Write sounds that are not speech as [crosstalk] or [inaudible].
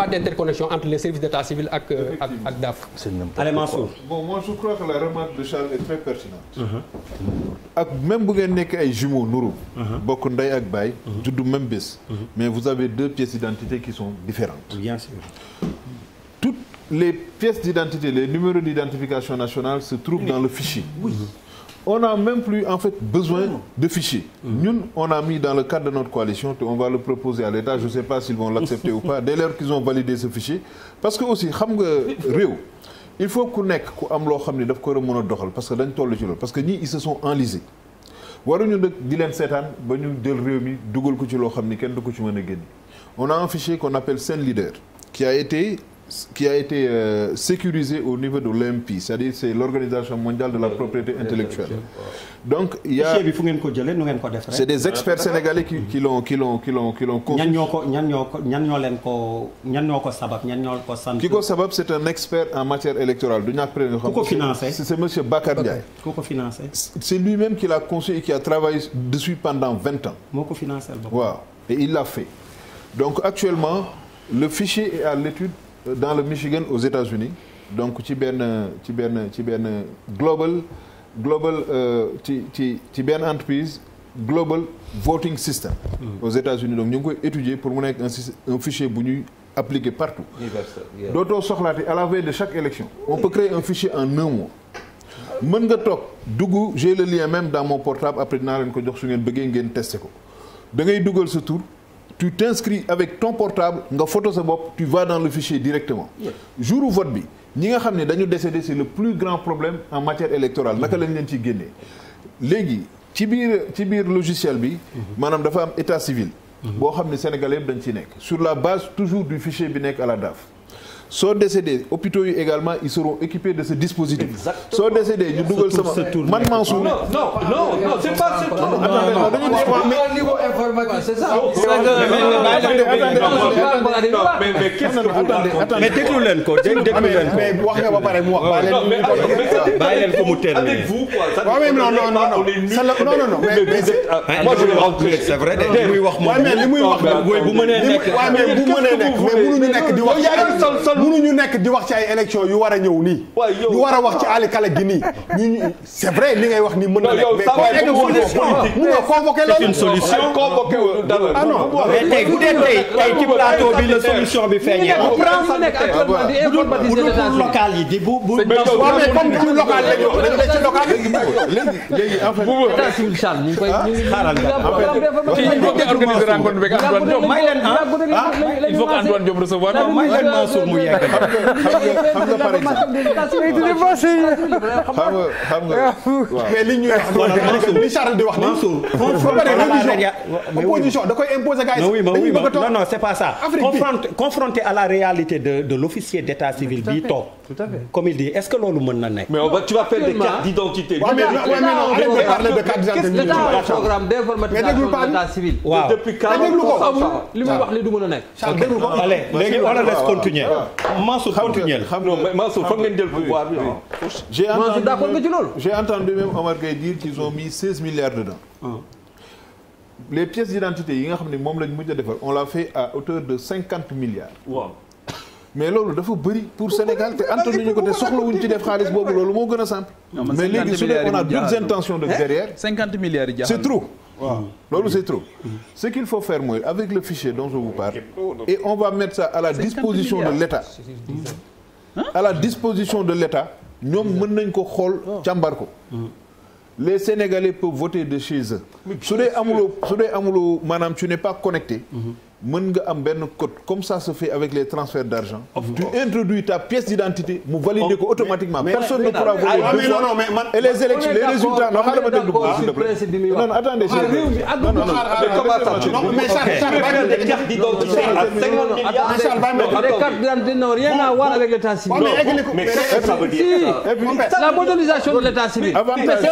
pas d'interconnexion entre les services d'état civil ak euh, ak ak DAF. Uh-huh. bu ngeen nekk ay jumeaux nuru. Uh-huh. bokk ak baay. Uh-huh. juddu même bés. mais vous avez deux pièces d'identité qui sont différentes. bien sûr. toutes les pièces d'identité les numéros d'identification nationale se trouvent dans le fichier. on n'a même plus en fait besoin mm. de fichiers. Mm. ñun on a mis dans le cadre de notre coalition te on va le proposer à l'État je sais pas s'ils vont l'accepter ou pas [laughs] dès lors qu'ils ont validé ce fichier parce que aussi xam nga réew il faut ku nekk ku am loo xam ne daf ko war a mën a doxal parce que dañ toll ci loolu parce que ñii ils se sont enlisés waruñu nag di leen seetaan ba ñu jël réew mi dugal ko ci loo xam ni kenn du ko ci mën a génn on a un fichier qu'on qui a été euh, sécurisé au niveau de l'OMPI, c'est-à-dire c'est l'Organisation mondiale de la propriété intellectuelle. Donc il y a c'est des experts sénégalais qui qui l'ont qui l'ont qui l'ont qui l'ont ñan ñoo ko ñan ñoo ko ñan ñoo leen ko ñan ñoo ko sabab ñan ñoo ki ko sabab c'est un expert en matière électorale du ñàkk président. ku ko financé c'est monsieur Bakar c'est lui-même qui l'a conçu et qui a travaillé dessus pendant vingt ans. il l'a fait donc actuellement le fichier est à l'étude dans le Michigan aux États-Unis donc ci benn ci benn ci benn global global euh, ci ci ci benn entreprise global voting system. Mm. aux États-Unis donc ñu ngi koy étudier pour mu nekk un un fichier bu ñuy appliquer partout. dootoo soxlaati à la veille de chaque élection. on peut créer un fichier en un mois. mën nga toog dugg j'ai le lien même dans mon portable après dinaa leen ko jox su ngeen bëggee ngeen testé ko da ngay dugal sa tour tu t'inscris avec ton portable nga photo sa bopp tu vas dans le fichier directement jour u vote bi ñi nga xam ne dañu décédé c'est le plus grand problème en matière électorale naka lañ leen ciy génnee léegi ci biir ci biir logiciel bi mhm. maanaam dafa am état civil mhm. boo xam ne sénégalais dañ ci nekk sur la base toujours du fichier bi nekk a la DAF soo décédé hôpitaux yi également ils seront équipés de ce dispositif. soo décédé ñu dugal sama man maa suul. non non non c'est pas ce tour. dañuy niveau informatique c'est ça. mais mais quest ko déglu mais wax nga ba pare mu wax. bàyyi leen mais moi je vais rentrer c'est waaw mais li muy wax bu mënee nekk. nekk mais mënuñu nekk di wax. mënuñu nekk di wax ci ay élection yu war a ñëw nii. yu war a wax ci àll kala gi nii ñu c' est vrai li ngay wax nii mën na nekk mais convoqué une solution convoqué ah non mais tey bu dee tey tey ci plateau bi la solution bi feeñee. bu dul local yi di bu bu. mais comme ci local la ñu wax dañu ne ci local léegi léegi en fait. état ah, civil Charles ñu ngi koy ah, ñu ngi. xaaral nga ci il faut que organiser rencontre bi ak Antoine Diop. may leen ah, ah il faut que Antoine Diop recevoir. may leen Mansour mu xam nga xam nga par exemple mais li ñuy wax li Charles di wax ni opposition da koy imposer gars yi non non c'est pas ça confronté à la réalité de de l'officier d'état civil bi toog comme il dit est-ce que loolu mën na nekk mais tu vas faire des cartes d'identité programme d'informatisation de l'état civil depuis quand li muy wax li du mën a nekk allez léegi on laisse continuer Mansour xam nga Mansour foog ngeen jël pouvoir bi. Ah. j'ai entendu Mansour d'accord nga ci loolu. j'ai entendu même Omar Gueye dire qu'ils ont mis 16 milliards dedans. Ah. les pièces d'identité yi nga xam ne moom lañ mujj a defar on l'a fait à hauteur de 50 milliards. mais loolu dafa bëri pour Sénégal te antoon nañu ko te soxlawuñ ci def xaalis boobu loolu moo gën a simple. mais léegi su dee on a d'autres intentions de derrière. milliards c'est trop. waaw mm. loolu c'est trop ce qu'il faut faire mooy avec le fichier donc je vous parle et on va mettre ça à la disposition de l'État à la disposition de l'État ñoom mën nañ ko xool oh. càmbar ko mm. les Sénégalais peuvent voter de chez eux. su dee amuloo su dee amuloo maanaam tu n'es pas connecté. mën nga am benn code comme ça se fait avec les transferts d'argent tu introduis ta pièce d'identité mu valider ko automatiquement personne ne pourra voler deux fois et les élections non xaaral ma déglu ko s'il te plaît non non attendez non non non mais Charles les cartes d'identité n'ont rien à voir avec l'état civil mais ça veut dire la de